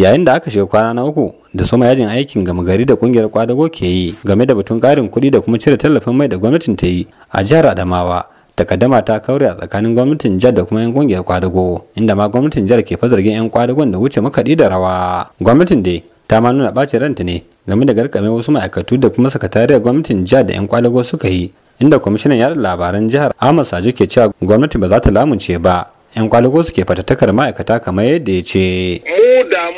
yayin da aka shiga kwana na uku da soma yajin aikin gama gari da kungiyar kwadago ke yi game da batun karin kuɗi da kuma cire tallafin mai da gwamnatin ta yi a jihar adamawa takaddama ta kaure a tsakanin gwamnatin jihar da kuma 'yan kungiyar kwadago inda ma gwamnatin jihar ke fazargin 'yan kwadagon da wuce makaɗi da rawa gwamnatin dai ta ma nuna ɓacin ranta ne game da garkame wasu ma'aikatu da kuma sakatariyar gwamnatin jihar da 'yan kwadago suka yi inda kwamishinan yaɗa labaran jihar ahmad sajo ke cewa gwamnati ba za ta lamunce ba 'yan kwaligo suke fatattakar ma'aikata kamar yadda ya ce.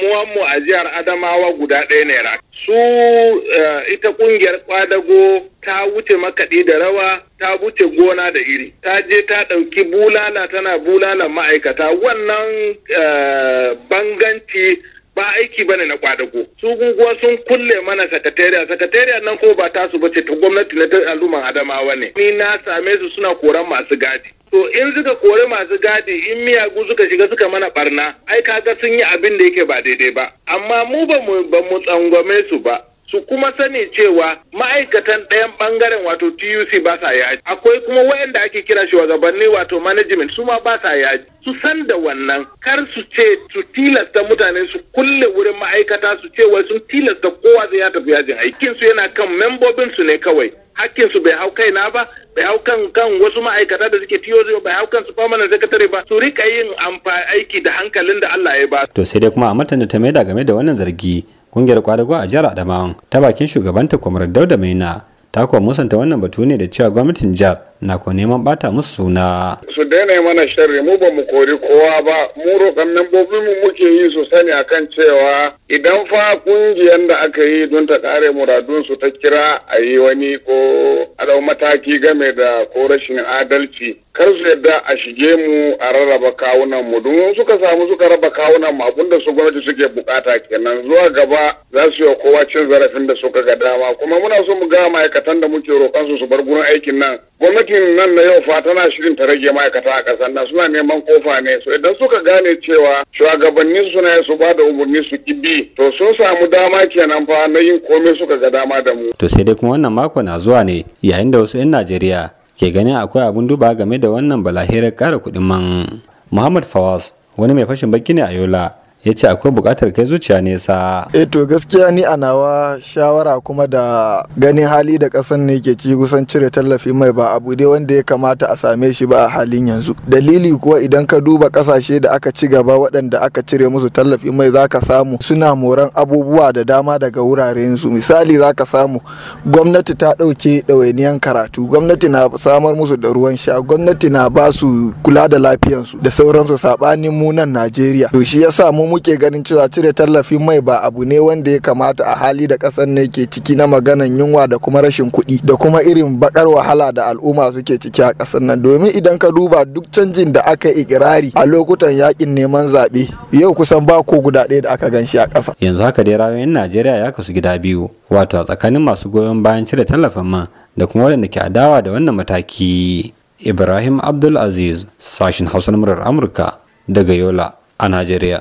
Mu mu a jihar Adamawa guda ɗaya naira. Su eh, ita ƙungiyar kwadago ta wuce makaɗi da rawa ta wuce gona da iri. Ta je ta ɗauki bulala tana bulala ma'aikata wannan eh, banganci ba aiki bane na kwadago su guguwa sun kulle mana sakatariya sakatariya nan ko ba tasu ba ce ta gwamnati na ta al'umman adamawa ne ni na same su suna koran masu gadi to in suka kori masu gadi in miyagu suka shiga suka mana barna ai kaga sun yi abin da yake ba daidai ba amma mu ba mu tsangwame su ba su kuma sani cewa ma'aikatan ɗayan ɓangaren wato tuc ba sa yaji akwai kuma waɗanda ake kira shugabanni wato management su ma ba sa yaji su san da wannan kar su ce su tilasta mutane su kulle wurin ma'aikata su ce wai sun tilasta kowa zai ya tafi yajin aikin su yana kan membobin su ne kawai hakkin su bai hau kaina ba bai hau kan kan wasu ma'aikata da suke tiyo bai hau kan su permanent secretary ba su rika yin amfani aiki da hankalin da Allah ya ba to sai dai kuma a martanin ta da game da wannan zargi kungiyar kwadago a jihar adamawa ta bakin shugabanta kwamar dauda maina ta kuwa musanta wannan batu ne da cewa gwamnatin jihar na ko neman bata musu suna. Su daina mana sharri mu ba mu kori kowa ba mu roƙon membobin mu muke yi su sani akan cewa idan fa kungiyar da aka yi don ta kare muradunsu ta kira a yi wani ko adau mataki game da ko rashin adalci kar su yadda a shige mu a rarraba kawunan mu don suka samu suka raba kawunan mu abinda su gwamnati suke bukata kenan zuwa gaba za su yi kowa cin zarafin da suka ga dama kuma muna so mu ga ma'aikatan da muke roƙon su su bar gurin aikin nan gwamnatin nan na yau fa tana shirin ta rage ma'aikata a ƙasar nan suna neman kofa ne so idan suka gane cewa shugabannin suna su ba da umarni su bi to sun samu dama kenan fa na yin komai suka ga dama da mu. to sai dai kuma wannan mako na zuwa ne yayin da wasu 'yan najeriya ke ganin akwai abin duba game da wannan balahirar kara kuɗin man muhammad fawaz wani mai fashin baki ne a yola ya ce akwai buƙatar kai zuciya nesa. E to gaskiya ni a nawa shawara kuma da ganin hali da ƙasar ne ke ci kusan cire tallafi mai ba abu dai wanda ya kamata a same shi ba a halin yanzu. Dalili kuwa idan ka duba ƙasashe da aka ci gaba waɗanda aka cire musu tallafi mai za ka samu suna moran abubuwa da dama daga wuraren su Misali za ka samu gwamnati ta ɗauke ɗawainiyan karatu, gwamnati na samar musu da ruwan sha, gwamnati na ba su kula da lafiyansu da sauransu saɓanin mu nan Najeriya. To shi ya mu muke ganin cewa cire tallafin mai ba abu ne wanda ya kamata a hali da kasan ne ke ciki na maganan yunwa da kuma rashin kuɗi da kuma irin bakar wahala da al'umma suke ciki a kasan nan domin idan ka duba duk canjin da aka yi ikirari a lokutan yakin neman zaɓe yau kusan ba ko guda ɗaya da aka gan shi a ƙasa. yanzu haka dai rayoyin najeriya ya kasu gida biyu wato a tsakanin masu goyon bayan cire tallafin man da kuma waɗanda ke adawa da wannan mataki ibrahim abdulaziz sashin hausar murar amurka daga yola a najeriya